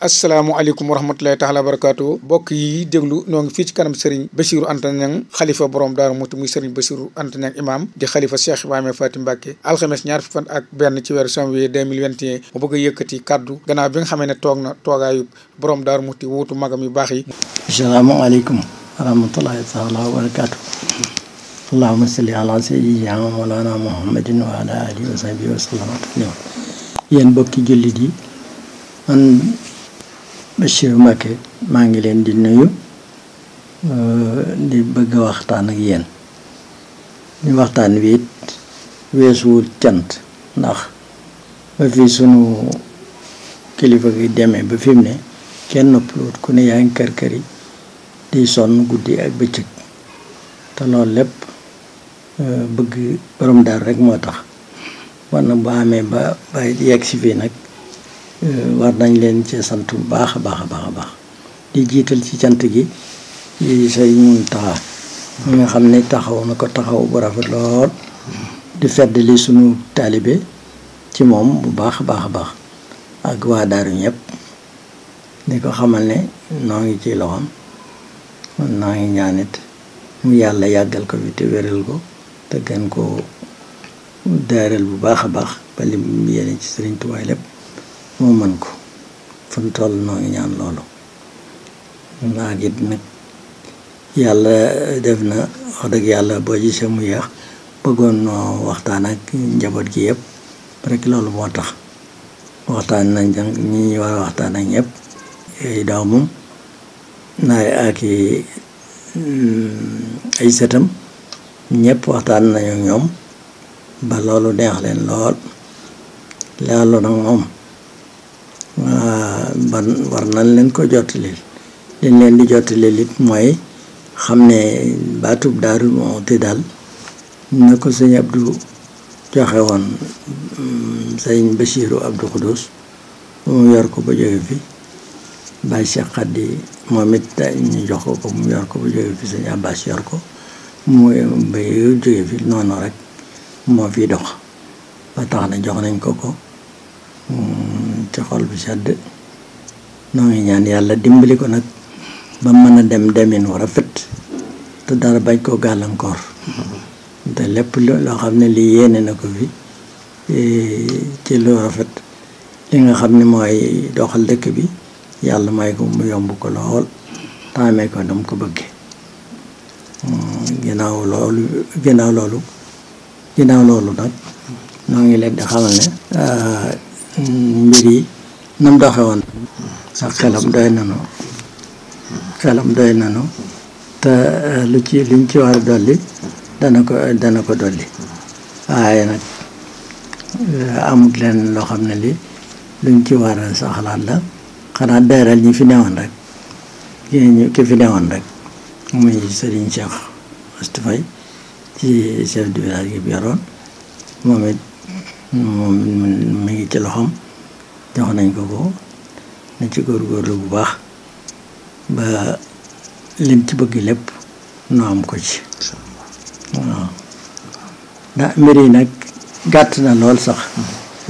asalaamualeykum wa rahmatulahi taala barakaatu bokk yi déglu noo ngi fii ci kanam sëriñ Bassirou Anta xalifa borom daaru muti muy sëriñ Bassirou Anta Niang di xalifa Cheikh Ibrahima Faty Mbacké alxames ñaar fi fan ak benn ci weeru janvier 2021 mu bëgg yëkkati kàddu gannaaw bi nga xamee ne toog na toogaayu borom daaru muti wuutu magam yu baax yi asalaamaaleykum wa rahmatulahi taala wa barakaatu allahuma salli ala sayyidina mawlana muhammadin wa ala alihi yi Bachir Mbacké maa ngi leen di nuyu di bëgg waxtaan ak yéen ñu waxtaan wi it weesuwul cant ndax ba fi sunu kilifa gi demee ba fi ne kenn noppaluwut ku ne yaa ngi kër kër yi di sonn guddi ak bëccëg te loolu lépp bëgg borom daal rek moo tax war na bu amee ba ba yegg si fii nag Euh, war nañ leen ci sant bu baax a baax a baax a baax di jiital ci cant gi di say mun taxa mi nga xam ne taxaw na ko taxaw bu rafet lool di feddali sunu taalibe ci moom bu baax a baax a baax ak waa daaru ñëpp di ko xamal ne noo ngi ci loxoom noo ngi ñaanit mu yàlla yàggal ko fi te wéral ko te gën ko daaral bu baax a baax ba lim yéene ci Sëriñ Tuubaa moo mën ko fu mu toll noo ngi ñaan loolu maa ngi nag yàlla def na wax dëgg yàlla boo gisee mu yéex bëggoon noo waxtaan ak njaboot gi yëpp rek loolu moo tax waxtaan na jàng ñi ñu war waxtaan ak ñëpp yooyu daaw naay ak mm, ay sëtam ñëpp waxtaan nañu ñoom ba loolu neex leen lool loolu nag moom ban war nañ leen ko jottali liñ leen di jottali it mooy xam ne baatub Daaru Muxti daal na ko sëñ Abdou joxe woon mm, sëñ Bachiru Abdou Khoudous mu yor ko ba jóge fi Baye Cheikh Khady moom it ñu jox ko ko mu yor ko ba jóge fi sëñ Abbas yor ko mu ba jóge fi noonu rek moo fi dox ba tax na jox nañ ko ko. Mm, ci xol bu sedd noo ngi ñaan yàlla dimbali ko nag ba mën a dem demin rafet te dara bañ koo gàllankoor mm-hmm. te lépp loo xam ne lii yéene na ko fi e, ci lu rafet li nga xam ne mooy doxal dëkk bi yàlla may ko mu yomb ko lool taamee ko dam ko bëggee mm, ginnaaw loolu ginnaaw loolu ginnaaw loolu nag noo leen di xamal ne ah, mbir nam na mu woon sax xelam doy nanu xelam doy nanu te eh, lu ci liñ ci war a dolli dana ko dana dolli waaye nag eh, amut leen loo xam ne li luñ ci war a saxalaat la xanaa dayral ñi fi newoon rek ñu ki newoon rek muy Serigne Cheikh Oustapha ci chef du village gi bi yoroon moom mu ngi ci loxoom jox nañ ko ko na ci góor góorgóorlu bu baax ba liñ ci bëgg lépp nu am ko ci waaw ndax mbir yi nag gàtt na lool sax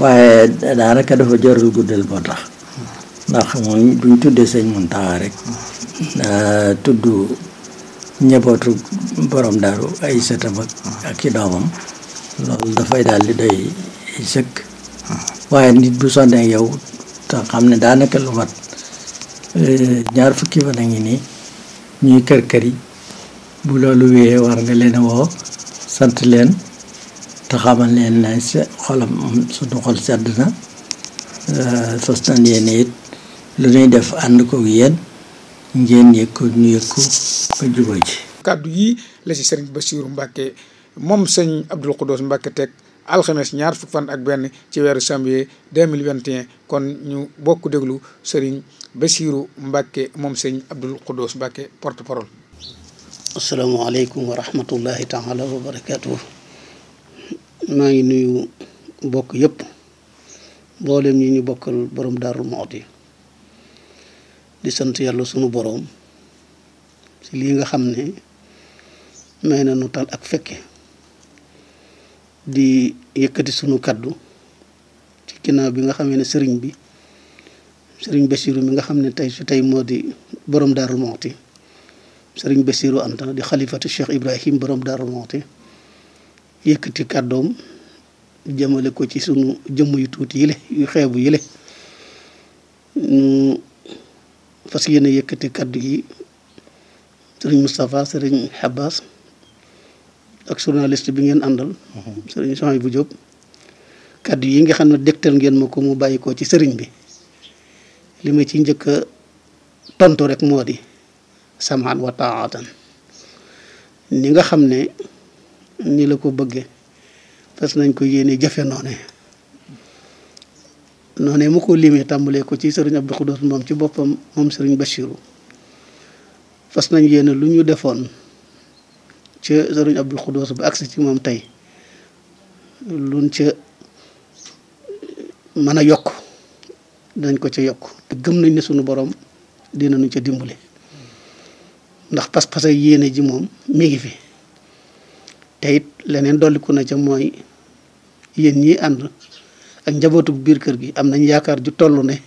waaye daanaka dafa jarul guddal boo tax ndax moom buñ tuddee sëñ Muntaxa rek tudd ñebootu borom daaru ay sëtam ak i doomam loolu dafay daal di doy day sëkk waaye nit bu sonnee yow te xam ne daanaka lu mat euh, ñaar fukki fan a ngi nii ñuy kër kër yi bu loolu wéyee war nga leen woo sant leen te xamal leen ne xolam sunu xol sedd na euh, fas nañ yéen it lu ñuy def ànd ko yéen ngeen yëg ñu yëg ko ba ji. kàddu yi la ci sëriñ Bassirou Mbacke moom sëñ Abdoul Khoudous Mbacke teg. alxames ñaar fukk fan ak benn ci weeru janvier 2021 kon ñu bokk déglu sëriñ Bassirou Mbacke moom sëriñ Abdoul Khoudous Mbacke porte parole. asalaamaaleykum wa rahmatullahi taala wa barakaatu. ngi nuyu bokk yépp mboolem ñi ñu bokkal borom Darou Mouhty di sant yàlla suma boroom si lii nga xam ne may na nu tal ak fekke di yëkkati sunu kàddu ci ginnaaw bi nga xamee ne sëriñ bi sëriñ Bassirou mi nga xam ne tey su tey moo di borom Darou Mouhty sëriñ Bassirou Anta di xalifatu Cheikh Ibrahim boroom Darou Mouhty yëkkati kàddoom jëmale ko ci sunu jëmm yu tuuti yile yu xeebu yile ñu fas yéene yëkkati kàddu yi sëriñ Moustapha sëriñ Habas ak journaliste bi ngeen àndal. sëriñ Sonia bu Diop. kaddu yi nga xam ne dégtal ngeen ma ko mu bàyyi ko ci sëriñ bi li ma ci njëkk a tontu rek moo di samaan wa taatan ni nga xam ne ni la ko bëgge fas nañ ko yéene jafe noone noone mu ko limee tàmbalee ko ci sëriñ Abdou Khoudous moom ci boppam moom sëriñ Bachirou fas nañ yéene lu ñu defoon ca sëriñ Abdul Xudoos ba agsi ci moom tey luñ ca mën a yokk dañ ko ca yokk te gëm nañ ne sunu borom dinañu ca dimbali ndax pas-pas ak yéene ji moom mi ngi fi te it leneen dolliku na ca mooy yéen ñi ànd ak njabootu biir kër gi am nañ yaakaar ju toll ne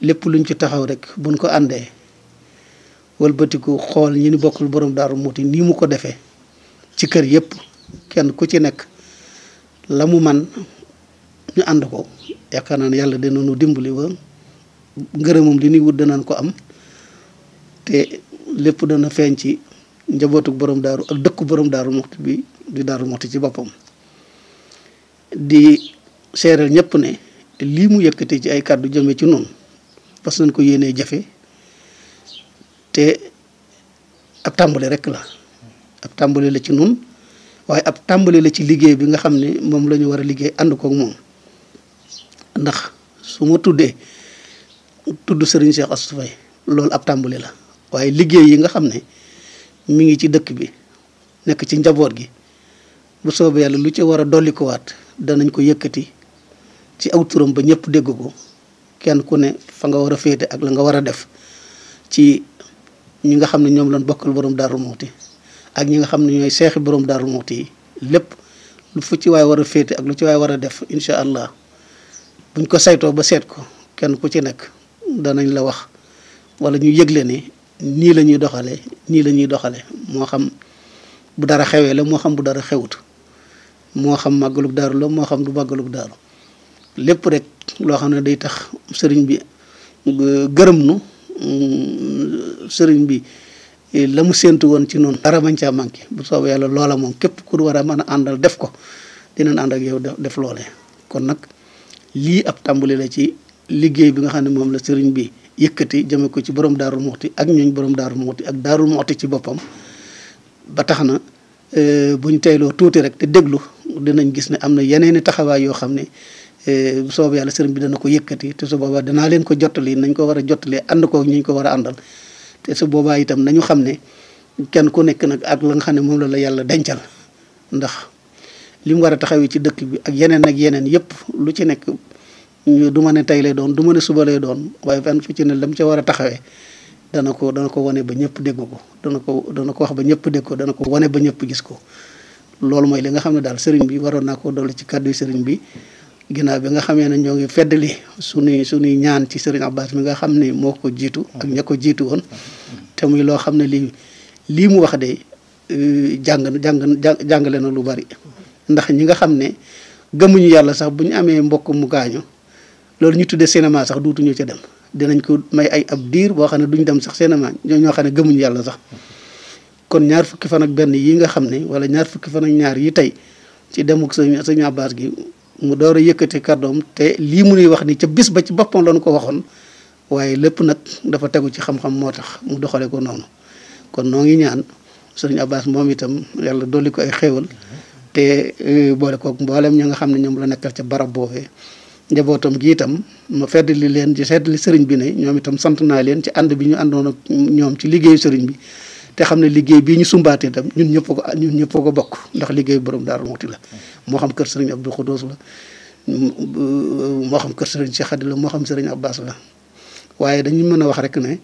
lépp luñ ci taxaw rek buñ ko àndee wëlbatiku xool ñi ni bokkul borom daaru muuti nii mu ko defe ci kër yëpp kenn ku ci nekk la mu man ñu ànd ko yaakaar naa ne yàlla dinañu dimbali ba ngërëmam li ñuy wut danañ ko am te lépp dana feeñ ci njabootu borom daaru ak dëkku boroom daaru muxti bi di daaru muxti ci boppam di seeral ñëpp ne lii mu yëkkati ci ay kàddu jëme ci noonu parce que nañ ko yéenee jafe te ab tàmbali rek la ab tàmbali la ci nun waaye ab tàmbali la ci liggéey bi nga xam ne moom lañu war a liggéey ànd koog moom ndax su ma tuddee tudd sëriñ Cheikh Astou Faye loolu ab tàmbali la waaye liggéey yi nga xam ne mu ngi ci dëkk bi nekk ci njaboot gi bu soobee yàlla lu ci war a dolli ko danañ ko yëkkati ci aw turam ba ñépp dégg ko kenn ku ne fa nga war a féete ak la nga war a def ci ñi nga xam ne ñoom lañ bokkal borom Darou Mouhty ak ñi nga xam ne ñooy seexi borom Darou Mouhty yi lépp lu fu war féete ak lu ci waay war a def incha allah buñ ko saytoo ba seet ko kenn ku ci nekk danañ la wax wala ñu yëgle ni nii la ñuy doxalee nii la ñuy doxalee moo xam bu dara xewee la moo xam bu dara xewut moo xam màggalug daaru moo xam du màggalug daaru lépp rek loo xam ne day tax sëriñ bi uh, gërëm nu Euh, sëriñ bi eh, la mu séntu woon ci noonu dara mañ caa manqué bu soobee yàlla loola moom képp ku war a mën a àndal def ko dinañ ànd ak yow def loole kon nag lii ab tàmbali la ci liggéey bi nga xam ne moom la sëriñ bi yëkkati jëme ko ci borom daarul moxti ak ñu borom daaru muxti ak daaru muxti ci boppam ba tax na euh, buñ teyloo tuuti rek te déglu dinañ gis ne am na yeneeni taxawaay yoo xam ne bu soobee yàlla sëriñ bi dana ko yëkkati te su boobaa danaa leen ko jottali nañ ko war a jottalee ànd ko ñu ko war a àndal te su boobaa itam nañu xam ne kenn ku nekk nag ak la nga xam ne moom la la yàlla dencal ndax li mu war a taxawee ci dëkk bi ak yeneen ak yeneen yëpp lu ci nekk du ma ne tey lay doon du ma ne suba lay doon waaye fan fu ci ne lam ca war a taxawee dana ko dana ko wane ba ñëpp dégg ko dana ko dana ko wax ba ñëpp dégg ko dana ko wane ba ñëpp gis ko loolu mooy li nga xam ne daal sëriñ bi waroon naa ko dolli ci kàddu sëriñ bi ginnaaw bi nga xamee ne ñoo ngi feddali sunuy sunuy ñaan ci Serigne Abbas mi nga xam ni moo ko jiitu ak ña ko jiitu woon te muy loo xam ne lii lii mu wax de euh, jàng jàng jàngale na lu bari ndax ñi nga xam ne gëmuñu yàlla sax bu ñu amee mbokk mu loolu ñu tuddee cinéma sax duutuñu ca dem dinañ ko may ay ab diir boo xam ne duñ dem sax cinéma ñoo ñoo xam ne gëmuñu yàlla sax kon ñaar fukki fan ak benn yi nga xam ne wala ñaar fukki fan ak ñaar yi tey ci demuk sëñ sëñ gi mu door a yëkkati kàddoom te lii mu nuy wax ni ca bis ba ci boppam lañu ko waxoon waaye lépp nag dafa tegu ci xam-xam moo tax mu doxale ko noonu kon noo ngi ñaan sëriñ Abbas moom itam yàlla dolli ko ay xéewal te euh, boole kook mboolem ñi nga xam ne ñoom la nekkal ca barab boobee njabootam gi itam ma feddali leen ci seddali sëriñ bi ne ñoom itam sant naa leen ci ànd bi ñu àndoon ak ñoom ci liggéeyu sëriñ bi te xam ne liggéey bii ñu sumbaatee tam ñun ñëpp ko ñun ñëpp ko bokk ndax liggéey borom Daaru Muxti la moo xam kër sëriñ Abdou Khoudous la moo xam kër sëriñ Cheikh la moo xam sëriñ Abbas la waaye dañuy mën a wax rek ne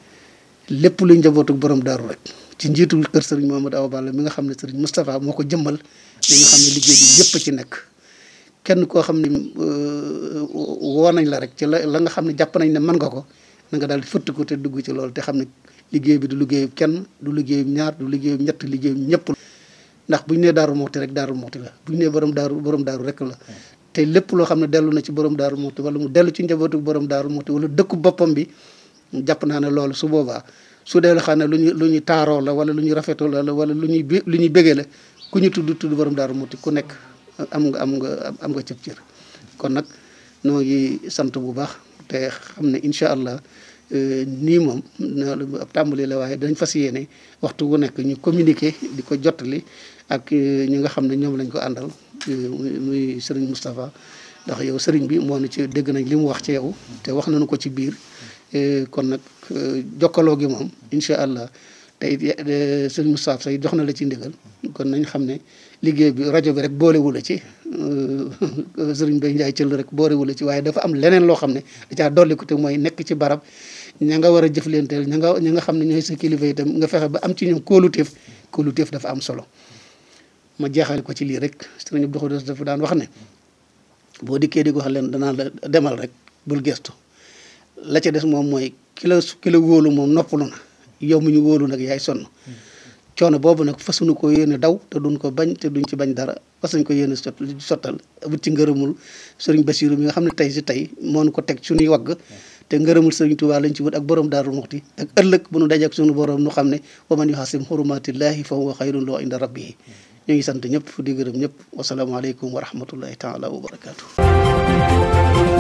lépp luy njabootu borom daaru rek ci njiitu kër sëriñ Mamadou Awa Balla mi nga xam ne sëriñ Moustapha moo ko jëmmal dañu xam ne liggéey bi yëpp ci nekk kenn koo xam ne euh, woo nañ la rek ci la la nga xam ne jàpp nañ ne man nga ko na nga daal fëtt ko te dugg ci loolu te xam ne liggéey bi du liggéeyu kenn du liggéeyu ñaar du liggéeyu ñett liggéeyu ñëpp. ndax bu ñu nee daaru moxti rek daaru moxti la bu ñu nee borom daaru borom daaru rek la te lépp loo xam ne dellu na ci borom daaru moxti wala mu dellu ci njabootu borom daaru moxti wala dëkku boppam bi jàpp naa ne loolu su boobaa su dee xam ne lu ñu lu ñu taaroo la wala lu ñu rafetoo la wala lu ñuy lu ñuy bégee la ku ñu tudd tudd borom daaru moxti ku nekk am nga am nga am nga cëb cër kon nag noo ngi sant bu baax te xam ne incha allah Euh, nii moom ab tàmbali la waaye dañ fas yéene waxtu wu nekk ñu communiquer di ko jottali ak euh, ñi nga xam ne ñoom lañ ko àndal euh, muy sëriñ Moustapha ndax yow sëriñ bi moo ne ci dégg nañ li mu wax ci yow te wax nañu ko ci biir kon nag jokkaloo gi moom incha allah te sëriñ Moustapha say jox na la ci ndigal kon nañ xam ne liggéey bi rajo bi rek boolewula ci sëriñ Bay Njaay cël rek boolewula ci waaye dafa am leneen loo xam ne da dolli ko te mooy nekk ci barab ña nga war a jëflanteel ña nga ña nga xam ne ñooy sa kilifa itam nga fexe ba am ci ñoom kóoluteef kóoluteef dafa am solo ma jeexale ko ci lii rek sëriñ Abdou Khoudoss dafa daan wax ne boo dikkee di ko leen danaa la demal rek bul gestu la ca des moom mooy ki la ki moom noppalu yow mi ñu wóolu nag yaay sonn boobu nag fasuñu ko yéene daw te duñ ko bañ te duñ ci bañ dara fasuñ ko yéene sot sottal wut ci ngërëmul sëriñ Basiiru mi nga xam ne tey si tey moonu ko teg suñuy wagg te ngërëmul sëriñ Tuubaa lañ ci wut ak borom daaru muxti ak ëllëg bu nu dajak suñu borom nu xam ne wa man yuhasim xurumatillahi fa huwa xayrun loo inda rabbihi ñu ngi sant ñëpp di gërëm ñëpp wasalaamualeykum wa rahmatullahi taala wa barakaatu